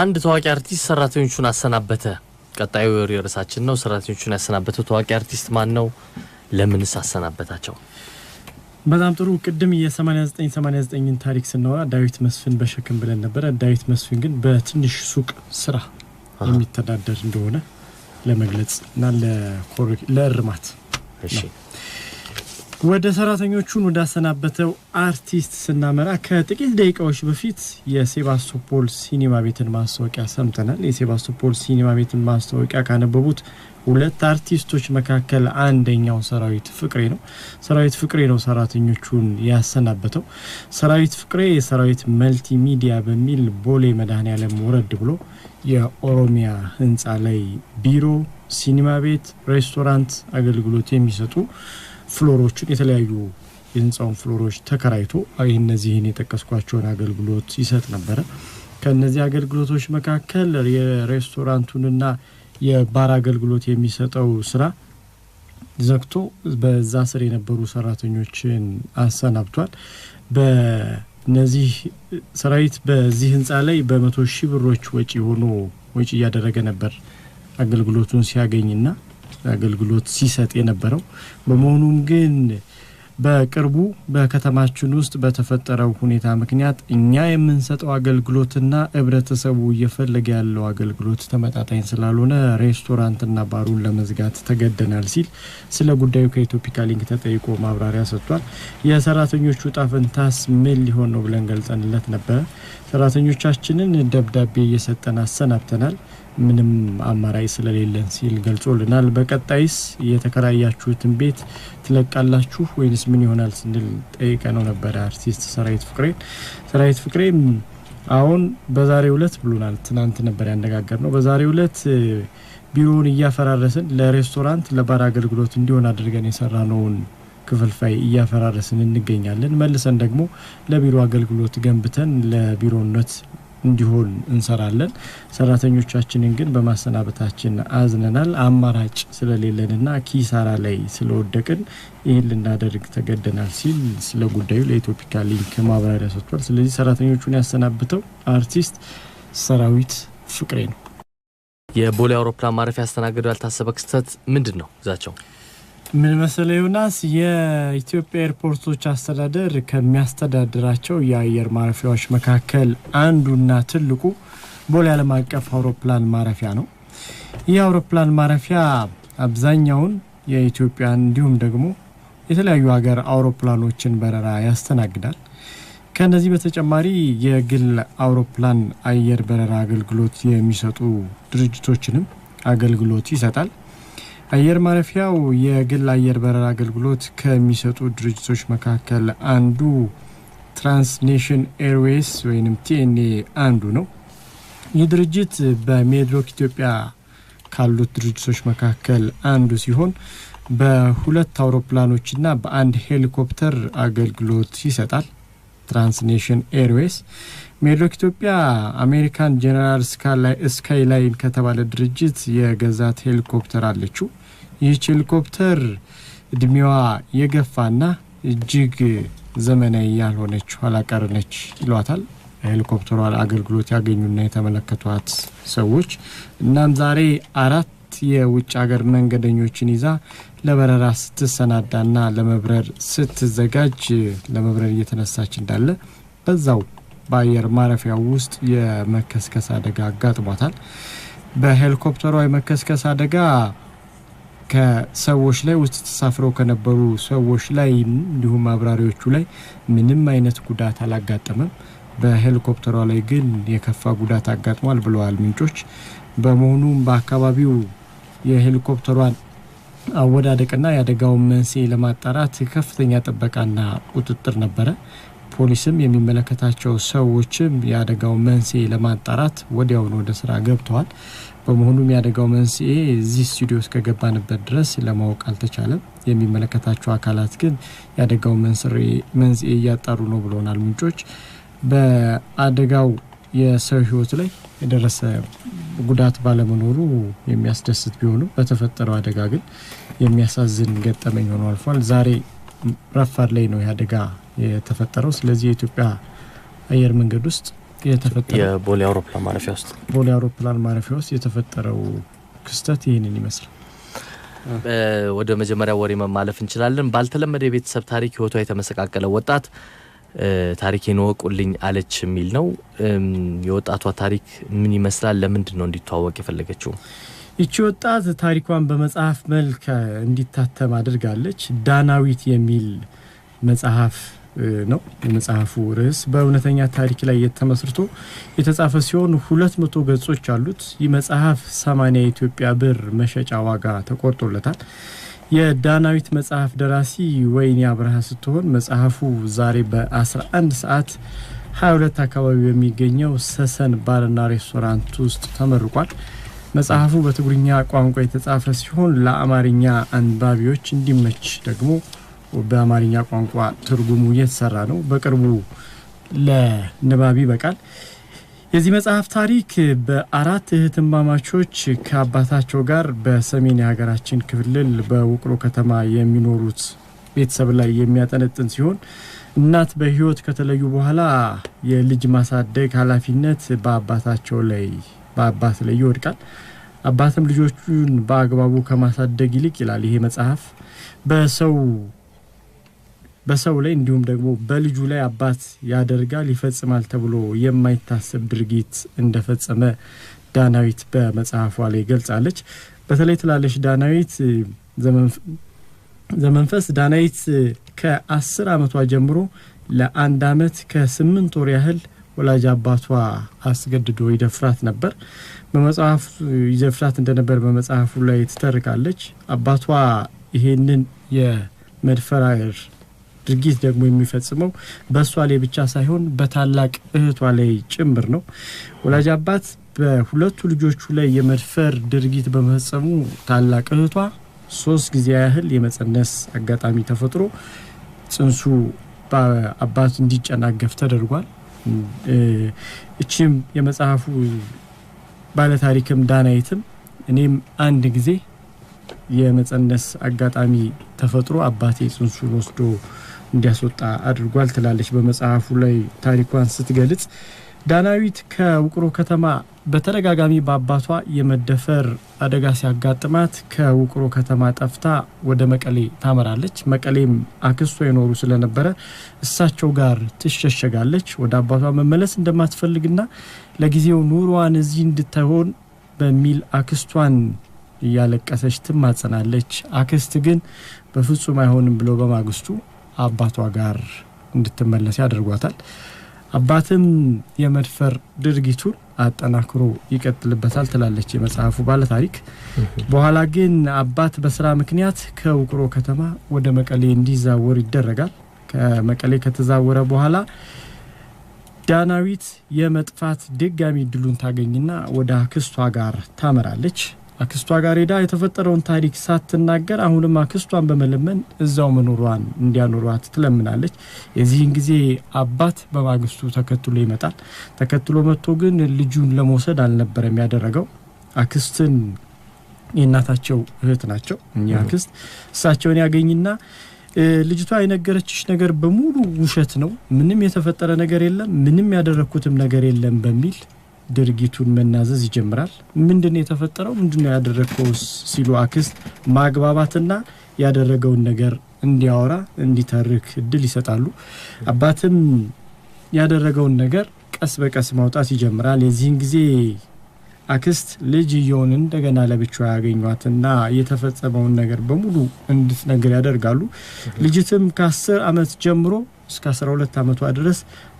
አንድ ታዋቂ አርቲስት ሰራተኞቹን አሰናበተ። ቀጣዩ ርዕሳችን ነው። ሰራተኞቹን ያሰናበተው ታዋቂ አርቲስት ማን ነው? ለምንስ አሰናበታቸው? በጣም ጥሩ። ቅድም የ8989ን ታሪክ ስናወራ ዳዊት መስፍን በሸክም ብለን ነበረ። ዳዊት መስፍን ግን በትንሽ ሱቅ ስራ የሚተዳደር እንደሆነ ለመግለጽ እና ለእርማት ወደ ሰራተኞቹን ወዳሰናበተው አርቲስት ስናመራ ከጥቂት ደቂቃዎች በፊት የሴባስቶፖል ሲኒማ ቤትን ማስታወቂያ ሰምተናል። የሴባስቶፖል ሲኒማ ቤትን ማስታወቂያ ካነበቡት ሁለት አርቲስቶች መካከል አንደኛው ሰራዊት ፍቅሬ ነው። ሰራዊት ፍቅሬ ነው ሰራተኞቹን ያሰናበተው። ሰራዊት ፍቅሬ የሰራዊት መልቲ ሚዲያ በሚል ቦሌ መድኃኔዓለም ወረድ ብሎ የኦሮሚያ ህንፃ ላይ ቢሮ፣ ሲኒማ ቤት፣ ሬስቶራንት አገልግሎት የሚሰጡ ፍሎሮችን የተለያዩ የህንፃውን ፍሎሮች ተከራይቶ እነዚህን የጠቀስኳቸውን አገልግሎት ይሰጥ ነበረ። ከእነዚህ አገልግሎቶች መካከል የሬስቶራንቱንና የባር አገልግሎት የሚሰጠው ስራ ዘግቶ በዛ ስር የነበሩ ሰራተኞችን አሰናብቷል። በነዚህ ሰራዊት በዚህ ህንፃ ላይ በመቶ ሺህ ብሮች ወጪ ሆኖ ወጪ እያደረገ ነበር አገልግሎቱን ሲያገኝና አገልግሎት ሲሰጥ የነበረው። በመሆኑም ግን በቅርቡ በከተማችን ውስጥ በተፈጠረው ሁኔታ ምክንያት እኛ የምንሰጠው አገልግሎትና ህብረተሰቡ እየፈለገ ያለው አገልግሎት ተመጣጣኝ ስላልሆነ ሬስቶራንትና ባሩን ለመዝጋት ተገደናል ሲል ስለ ጉዳዩ ከኢትዮፒካ ሊንክ ተጠይቆ ማብራሪያ ሰጥቷል። የሰራተኞቹ ዕጣ ፈንታስ ምን ሊሆን ነው ብለን ገልጸንለት ነበረ። ሰራተኞቻችንን ደብዳቤ እየሰጠን አሰናብተናል። ምንም አማራጭ ስለሌለን ሲል ገልጾልናል። በቀጣይስ የተከራያችሁትን ቤት ትለቃላችሁ ወይንስ ምን ይሆናል ስንል ጠይቀ ነው ነበረ አርቲስት ሰራዊት ፍቅሬን። ሰራዊት ፍቅሬም አሁን በዛሬ ዕለት ብሎናል። ትናንት ነበር ያነጋገር ነው። በዛሬ ዕለት ቢሮውን እያፈራረስን ለሬስቶራንት ለባር አገልግሎት እንዲሆን አድርገን የሰራ ነውን ክፍልፋይ እያፈራረስን እንገኛለን። መልሰን ደግሞ ለቢሮ አገልግሎት ገንብተን ለቢሮነት እንዲሆን እንሰራለን። ሰራተኞቻችንን ግን በማሰናበታችን አዝነናል። አማራጭ ስለሌለንና ኪሳራ ላይ ስለወደቅን ይህን ልናደርግ ተገደናል ሲል ስለ ጉዳዩ ለኢትዮፒካ ሊንክ ማብራሪያ ሰጥቷል። ስለዚህ ሰራተኞቹን ያሰናብተው አርቲስት ሰራዊት ፍቅሬ ነው። የቦሌ አውሮፕላን ማረፊያ ያስተናገደው ያልታሰበ ክስተት ምንድን ነው? ዛቸው ምን መሰለ ዮናስ፣ የኢትዮጵያ ኤርፖርቶች አስተዳደር ከሚያስተዳድራቸው የአየር ማረፊያዎች መካከል አንዱና ትልቁ ቦሌ ዓለም አቀፍ አውሮፕላን ማረፊያ ነው። ይህ አውሮፕላን ማረፊያ አብዛኛውን የኢትዮጵያ እንዲሁም ደግሞ የተለያዩ ሀገር አውሮፕላኖችን በረራ ያስተናግዳል። ከነዚህ በተጨማሪ የግል አውሮፕላን አየር በረራ አገልግሎት የሚሰጡ ድርጅቶችንም አገልግሎት ይሰጣል። አየር ማረፊያው የግል አየር በረራ አገልግሎት ከሚሰጡ ድርጅቶች መካከል አንዱ ትራንስኔሽን ኤርዌይስ ወይም ቲኤንኤ አንዱ ነው። ይህ ድርጅት በሜድሮክ ኢትዮጵያ ካሉት ድርጅቶች መካከል አንዱ ሲሆን በሁለት አውሮፕላኖችና በአንድ ሄሊኮፕተር አገልግሎት ይሰጣል። ትራንስኔሽን ኤርዌይስ ሜድሮክ ኢትዮጵያ አሜሪካን ጄኔራል ስካይላይን ከተባለ ድርጅት የገዛት ሄሊኮፕተር አለችው። ይህች ሄሊኮፕተር እድሜዋ የገፋና እጅግ ዘመናዊ ያልሆነች ኋላቀር ነች ይሏታል። ሄሊኮፕተሯ አገልግሎት ያገኙና የተመለከቷት ሰዎች እናም ዛሬ አራት የውጭ ሀገር መንገደኞችን ይዛ ለበረራ ስትሰናዳና ለመብረር ስትዘጋጅ ለመብረር እየተነሳች እንዳለ በዛው በአየር ማረፊያ ውስጥ የመከስከስ አደጋ አጋጥሟታል። በሄሊኮፕተሯ የመከስከስ አደጋ ከሰዎች ላይ ውስጥ ተሳፍረው ከነበሩ ሰዎች ላይ እንዲሁም አብራሪዎቹ ላይ ምንም አይነት ጉዳት አላጋጠመም። በሄሊኮፕተሯ ላይ ግን የከፋ ጉዳት አጋጥሟል ብለዋል ምንጮች። በመሆኑም በአካባቢው የሄሊኮፕተሯን አወዳደቅና የአደጋውን መንስኤ ለማጣራት ከፍተኛ ጥበቃና ቁጥጥር ነበረ። ፖሊስም የሚመለከታቸው ሰዎችም የአደጋውን መንስኤ ለማጣራት ወዲያውኑ ወደ ስራ ገብተዋል። በመሆኑም የአደጋው መንስኤ እዚህ ስቱዲዮ እስከገባንበት ድረስ ለማወቅ አልተቻለም። የሚመለከታቸው አካላት ግን የአደጋው መንስኤ እያጣሩ ነው ብለውናል ምንጮች በአደጋው የሰው ህይወት ላይ የደረሰ ጉዳት ባለመኖሩ የሚያስደስት ቢሆንም በተፈጠረው አደጋ ግን የሚያሳዝን ገጠመኝ ሆኖ አልፏል። ዛሬ ረፋድ ላይ ነው አደጋ የተፈጠረው። ስለዚህ የኢትዮጵያ አየር መንገድ ውስጥ የተፈጠረው የቦሌ አውሮፕላን ማረፊያ ውስጥ ቦሌ አውሮፕላን ማረፊያ ውስጥ የተፈጠረው ክስተት ይህንን ይመስላል። ወደ መጀመሪያ ወሬ መማለፍ እንችላለን። ባልተለመደ የቤተሰብ ታሪክ ህይወቷ የተመሰቃቀለ ወጣት ታሪኬን ወቁልኝ አለች የሚል ነው። የወጣቷ ታሪክ ምን ይመስላል? ለምንድን ነው እንዲተዋወቅ የፈለገችው? ይቺ ወጣት ታሪኳን በመጽሐፍ መልክ እንዲታተም አድርጋለች። ዳናዊት የሚል መጽሐፍ ነው የመጽሐፉ ርዕስ። በእውነተኛ ታሪክ ላይ የተመስርቶ የተጻፈ ሲሆን ሁለት መቶ ገጾች አሉት። ይህ መጽሐፍ ሰማንያ የኢትዮጵያ ብር መሸጫ ዋጋ ተቆርጦለታል። የዳናዊት መጽሐፍ ደራሲ ወይኒ አብርሃ ስትሆን መጽሐፉ ዛሬ በ11 ሰዓት 22 አካባቢ በሚገኘው ሰሰን ባርና ሬስቶራንት ውስጥ ተመርቋል። መጽሐፉ በትግርኛ ቋንቋ የተጻፈ ሲሆን ለአማርኛ አንባቢዎች እንዲመች ደግሞ በአማርኛ ቋንቋ ትርጉሙ እየተሰራ ነው። በቅርቡ ለንባብ ይበቃል። የዚህ መጽሐፍ ታሪክ በአራት እህትማማቾች ከአባታቸው ጋር በሰሜን የሀገራችን ክልል በውቅሮ ከተማ የሚኖሩት ቤተሰብ ላይ የሚያጠነጥን ሲሆን እናት በሕይወት ከተለዩ በኋላ የልጅ ማሳደግ ኃላፊነት በአባታቸው ላይ በአባት ላይ ይወድቃል። አባትም ልጆቹን በአግባቡ ከማሳደግ ይልቅ ይላል ይሄ መጽሐፍ በሰው በሰው ላይ እንዲሁም ደግሞ በልጁ ላይ አባት ያደርጋል ይፈጽማል ተብሎ የማይታሰብ ድርጊት እንደፈጸመ ዳናዊት በመጽሐፏ ላይ ገልጻለች። በተለይ ትላለች ዳናዊት ዘመንፈስ ዳናዊት ከአስር አመቷ ጀምሮ ለአንድ አመት ከስምንት ወር ያህል ወላጅ አባቷ አስገድዶ ይደፍራት ነበር። በመጽሐፍ ይዘፍራት እንደነበር በመጽሐፉ ላይ ትተርካለች። አባቷ ይሄንን የመድፈራር ድርጊት ደግሞ የሚፈጽመው በእሷ ላይ ብቻ ሳይሆን በታላቅ እህቷ ላይ ጭምር ነው። ወላጅ አባት በሁለቱ ልጆቹ ላይ የመድፈር ድርጊት በመፈጸሙ ታላቅ እህቷ ሶስት ጊዜ ያህል የመፀነስ አጋጣሚ ተፈጥሮ ጽንሱ በአባት እንዲጨናገፍ ተደርጓል። እችም የመጽሐፉ ባለታሪክም ዳናይትም እኔም አንድ ጊዜ የመፀነስ አጋጣሚ ተፈጥሮ አባቴ ጽንሱን ወስዶ እንዲያስወጣ አድርጓል ትላለች በመጽሐፉ ላይ ታሪኳን ስትገልጽ። ዳናዊት ከውቅሮ ከተማ በተደጋጋሚ በአባቷ የመደፈር አደጋ ሲያጋጥማት ከውቅሮ ከተማ ጠፍታ ወደ መቀሌ ታመራለች። መቀሌም አክስቷ የኖሩ ስለነበረ እሳቸው ጋር ትሸሸጋለች። ወደ አባቷ መመለስ እንደማትፈልግና ለጊዜው ኑሯን እዚህ እንድትሆን በሚል አክስቷን እያለቀሰች ትማጸናለች። አክስት ግን በፍጹም አይሆንም ብሎ በማግስቱ አባቷ ጋር እንድትመለስ ያደርጓታል። አባትም የመድፈር ድርጊቱን አጠናክሮ ይቀጥልበታል ትላለች የመጽሐፉ ባለታሪክ። በኋላ ግን አባት በስራ ምክንያት ከውቅሮ ከተማ ወደ መቀሌ እንዲዛወር ይደረጋል። ከመቀሌ ከተዛወረ በኋላ ዳናዊት የመጥፋት ድጋሚ እድሉን ታገኝና ወደ አክስቷ ጋር ታመራለች። አክስቷ ጋር ሄዳ የተፈጠረውን ታሪክ ሳትናገር አሁንም አክስቷን በመለመን እዛው መኖሯን እንዲያኖሯት ትለምናለች። የዚህን ጊዜ አባት በማግስቱ ተከትሎ ይመጣል። ተከትሎ መጥቶ ግን ልጁን ለመውሰድ አልነበረም ያደረገው። አክስትን የእናታቸው እህት ናቸው እኛ አክስት። እሳቸውን ያገኝና ልጅቷ የነገረችሽ ነገር በሙሉ ውሸት ነው፣ ምንም የተፈጠረ ነገር የለም፣ ምንም ያደረግኩትም ነገር የለም በሚል ድርጊቱን መናዘዝ ይጀምራል። ምንድን የተፈጠረው? ምንድነው ያደረግከው? ሲሉ አክስት ማግባባትና ያደረገውን ነገር እንዲያወራ እንዲተርክ እድል ይሰጣሉ። አባትም ያደረገውን ነገር ቀስ በቀስ ማውጣት ይጀምራል። የዚህን ጊዜ አክስት ልጅየውን እንደገና ለብቻ ያገኟትና የተፈጸመውን ነገር በሙሉ እንድትነግር ያደርጋሉ። ልጅትም ከአስር አመት ጀምሮ እስከ ሁለት ዓመቷ ድረስ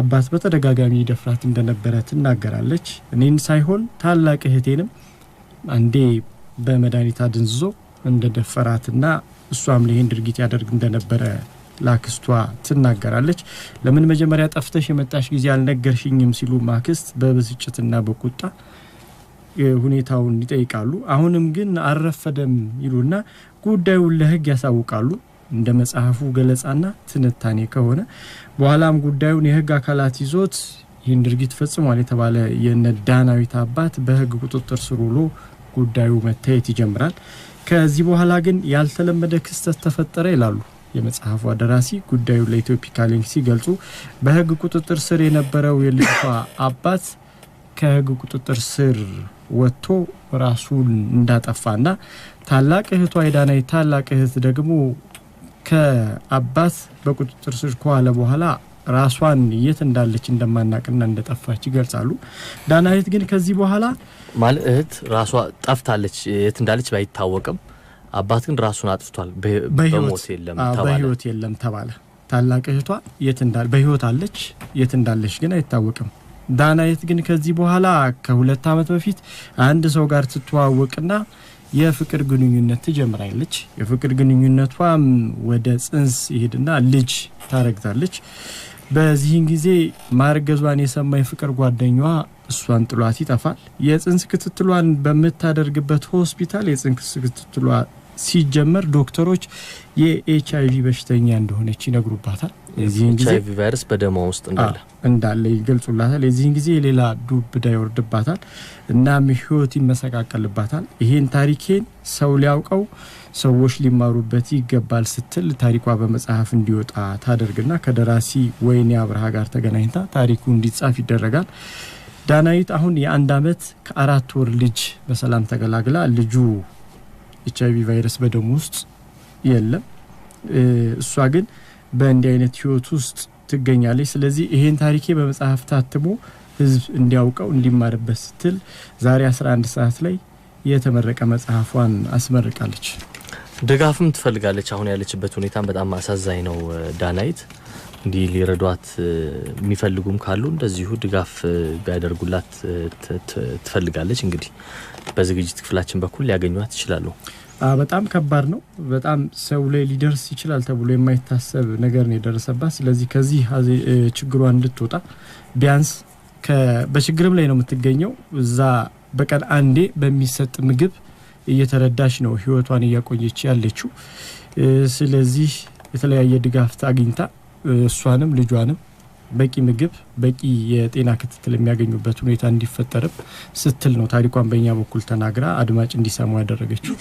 አባት በተደጋጋሚ ደፍራት እንደነበረ ትናገራለች። እኔን ሳይሆን ታላቅ እህቴንም አንዴ በመድኃኒት አድንዝዞ እንደ እሷም ይህን ድርጊት ያደርግ እንደነበረ ለአክስቷ ትናገራለች። ለምን መጀመሪያ ጠፍተሽ የመጣሽ ጊዜ አልነገርሽኝም? ሲሉ ማክስት በብስጭትና በቁጣ ሁኔታውን ይጠይቃሉ። አሁንም ግን አልረፈደም ይሉና ጉዳዩን ለህግ ያሳውቃሉ። እንደ መጽሐፉ ገለጻና ትንታኔ ከሆነ በኋላም ጉዳዩን የህግ አካላት ይዞት ይህን ድርጊት ፈጽሟል የተባለ የነዳናዊት አባት በህግ ቁጥጥር ስር ውሎ ጉዳዩ መታየት ይጀምራል። ከዚህ በኋላ ግን ያልተለመደ ክስተት ተፈጠረ ይላሉ የመጽሐፉ ደራሲ። ጉዳዩ ለኢትዮፒካ ሊንክ ሲገልጹ በህግ ቁጥጥር ስር የነበረው የልጅቷ አባት ከህግ ቁጥጥር ስር ወጥቶ ራሱን እንዳጠፋና ታላቅ እህቷ የዳናዊት ታላቅ እህት ደግሞ ከአባት በቁጥጥር ስር ከዋለ በኋላ ራሷን የት እንዳለች እንደማናቅና እንደጠፋች ይገልጻሉ። ዳናዊት ግን ከዚህ በኋላ ማለት እህት ራሷ ጠፍታለች፣ የት እንዳለች ባይታወቅም አባት ግን ራሱን አጥፍቷል፣ በህይወት የለም ተባለ። ታላቅ እህቷ በህይወት አለች፣ የት እንዳለች ግን አይታወቅም። ዳናይት ግን ከዚህ በኋላ ከሁለት ዓመት በፊት አንድ ሰው ጋር ትተዋወቅና የፍቅር ግንኙነት ትጀምራለች። የፍቅር ግንኙነቷም ወደ ጽንስ ይሄድና ልጅ ታረግዛለች። በዚህን ጊዜ ማርገዟን የሰማ የፍቅር ጓደኛዋ እሷን ጥሏት ይጠፋል። የጽንስ ክትትሏን በምታደርግበት ሆስፒታል የጽንስ ክትትሏ ሲጀመር ዶክተሮች የኤች አይቪ በሽተኛ እንደሆነች ይነግሩባታል። የዚህን ጊዜ ቫይረስ በደሞ ውስጥ እንዳለ እንዳለ ይገልጹላታል። የዚህን ጊዜ ሌላ ዱብ እዳ ይወርድባታል። እና ህይወት ይመሰቃቀልባታል። ይሄን ታሪኬን ሰው ሊያውቀው ሰዎች ሊማሩበት ይገባል ስትል ታሪኳ በመጽሐፍ እንዲወጣ ታደርግና ከደራሲ ወይኔ አብርሃ ጋር ተገናኝታ ታሪኩ እንዲጻፍ ይደረጋል። ዳናዊት አሁን የአንድ አመት ከአራት ወር ልጅ በሰላም ተገላግላ ልጁ ኤች አይቪ ቫይረስ በደሙ ውስጥ የለም። እሷ ግን በእንዲህ አይነት ህይወት ውስጥ ትገኛለች። ስለዚህ ይሄን ታሪኬ በመጽሐፍ ታትሞ ህዝብ እንዲያውቀው እንዲማርበት ስትል ዛሬ 11 ሰዓት ላይ የተመረቀ መጽሐፏን አስመርቃለች። ድጋፍም ትፈልጋለች። አሁን ያለችበት ሁኔታም በጣም አሳዛኝ ነው ዳናይት እንዲህ ሊረዷት የሚፈልጉም ካሉ እንደዚሁ ድጋፍ ቢያደርጉላት ትፈልጋለች። እንግዲህ በዝግጅት ክፍላችን በኩል ሊያገኟት ይችላሉ። በጣም ከባድ ነው። በጣም ሰው ላይ ሊደርስ ይችላል ተብሎ የማይታሰብ ነገር ነው የደረሰባት። ስለዚህ ከዚህ ችግሯ እንድትወጣ ቢያንስ በችግርም ላይ ነው የምትገኘው። እዛ በቀን አንዴ በሚሰጥ ምግብ እየተረዳች ነው ህይወቷን እያቆየች ያለችው። ስለዚህ የተለያየ ድጋፍ አግኝታ እሷንም ልጇንም በቂ ምግብ በቂ የጤና ክትትል የሚያገኙበት ሁኔታ እንዲፈጠርም ስትል ነው ታሪኳን በእኛ በኩል ተናግራ አድማጭ እንዲሰሙ ያደረገችው።